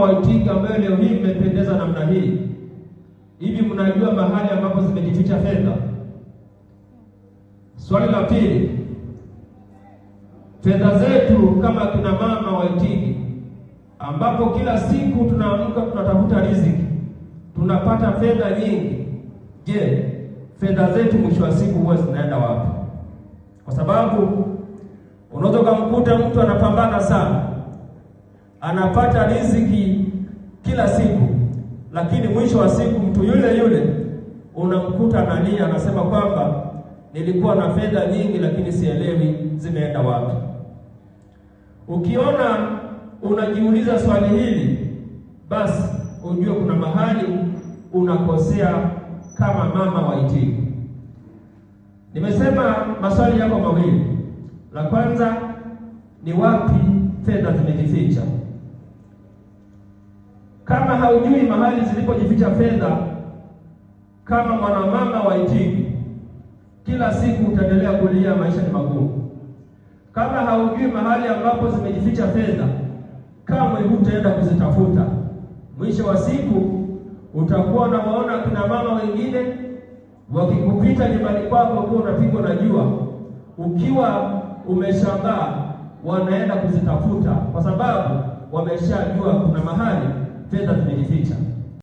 Waitinga ambayo leo hii mmependeza namna hii. Hivi mnajua mahali ambapo zimejificha fedha? Swali la pili, fedha zetu kama kina mama Waitingi, ambapo kila siku tunaamka tunatafuta riziki, tunapata fedha nyingi. Je, fedha zetu mwisho wa siku huwa zinaenda wapi? Kwa sababu unaweza ukamkuta mtu anapambana sana anapata riziki kila siku, lakini mwisho wa siku mtu yule yule unamkuta analia, anasema kwamba nilikuwa na fedha nyingi, lakini sielewi zimeenda wapi. Ukiona unajiuliza swali hili, basi ujue kuna mahali unakosea kama mama wa Itigi. Nimesema maswali yako mawili, la kwanza ni wapi fedha haujui mahali zilipojificha fedha, kama mwanamama wa Itigi, kila siku utaendelea kulia, maisha ni magumu. Kama haujui mahali ambapo zimejificha fedha, kamwe hutaenda kuzitafuta. Mwisho wa siku utakuwa unawaona kina mama wengine wakikupita nyumbani kwako, kuwa unapigwa na jua, ukiwa umeshangaa, wanaenda kuzitafuta kwa sababu wameshajua kuna mahali better beneficial.